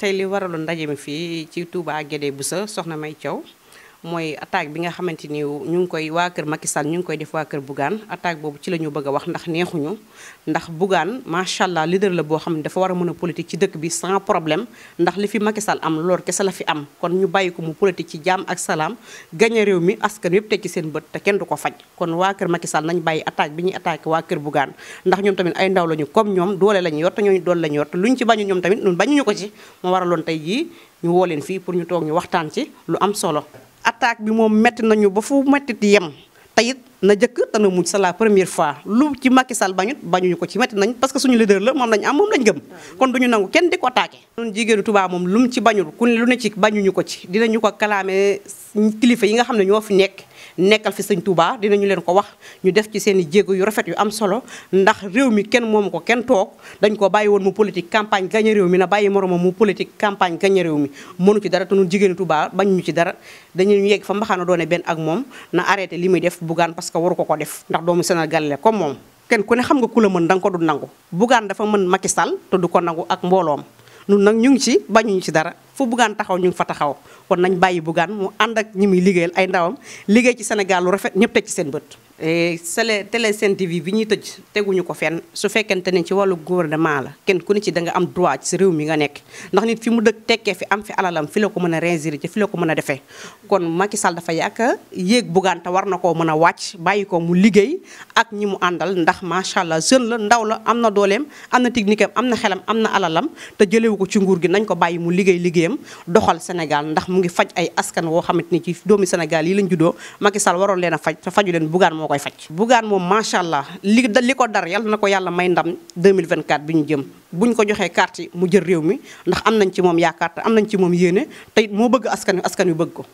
tey li waralu ndaje mi fii ci Touba bu sa soxna May Thiaw mooy attaque bi nga xamante ni ñu ngi koy waa kër Macky Sall ñu ngi koy def waa kër Bougane attaque boobu ci la ñu bëgg a wax ndax neexuñu ndax Bougane macha allah leader la boo xam ne dafa war a mën a politique ci dëkk bi sans problème ndax li fi Macky Sall am lool kese la fi am kon ñu bàyyi ko mu politique ci jàmm ak salaam gañe réew mi askan yëpp teg ci seen bët te kenn du ko faj kon waa kër Macky Sall nañ bàyyi attaque bi ñuy attaque waa kër Bougane nda ñoom tamit ay ndaw lañu comme ñoom doole lañu yor te ñooñu doole lañu yor te luñ ci bañu ñoom tamit ñun ko moo waraloon tey jii ñu woo leen fii pour ñu toog ñu waxtaan ci lu am solo attaque bi moom métti nañu ba fu métti yem te it na jëkk te na mujj c'est la première fois lu ci Macky Sall bañut bañuñu ko ci métti nañ parce que suñu leader la moom lañ am moom lañ gëm ah. kon duñu nangu kenn di ko attaqué ñun jigéenu Touba moom lu mu ci bañul ku lu ne ci bañuñu ko ci dinañu ko kalaame kilifa yi nga xam ne ñoo fi nekk nekkal fi sëñ Touba dinañu leen ko wax ñu def ci seen i jéego yu rafet yu am solo ndax réew mi kenn moomu ko kenn toog dañ ko bàyyi woon mu politique campagne gañe réew mi na bàyyi moromam mu politique campagne gañe réew mënu ci dara te ñun jigéenu Touba bañuñu ci dara dañu yegg fa mbaxaana doone benn ak moom na arrêté li muy def Bougane parce que waru ko ko def ndax doomu Sénégal la comme moom kenn ku ne xam nga ku la mën da nga ko du nangu Bougane dafa mën Macky Sall te du ko nangu ak nun nag ñu ngi ci bañuñ ci dara fu buggaan taxaw ñu ngi fa taxaw kon nañ bàyyi buggaan mu ànd ak ñi muy liggéeyal ay ndawam liggéey ci Sénégal lu rafet ñëpp teg ci seen bët télé télé Sen TV bi ñuy tëj teguñu ko fen su fekkente ne ci wàllu gouvernement la kenn ku ne ci da nga am droit ci sa réew mi nga nekk ndax nit fi mu dëkk tekkee fi am fi alalam fi la ko mën a réinsérer fi la ko mën a defee kon Macky Sall dafa yàq yéeg buggaan te war na koo mën a wàcc bàyyi ko mu liggéey ak ñi mu àndal ndax macha allah jeune la ndaw la am na dooleem am na technique am na xelam am na alalam te jëlewu ko ci liggéey yéeneem doxal Sénégal ndax mu ngi faj ay askan woo xamante ni ci doomi Sénégal yi lañ juddoo Macky Sall waroon leen a faj te faju leen Bougane moo koy faj Bougane moom macha allah li li ko dar yàlla na ko yàlla may ndam 2024 bi ñu jëm buñ ko joxee carte yi mu jël réew mi ndax am nañ ci moom yaakaar te am nañ ci moom yéene te it moo bëgg askan wi askan wi bëgg ko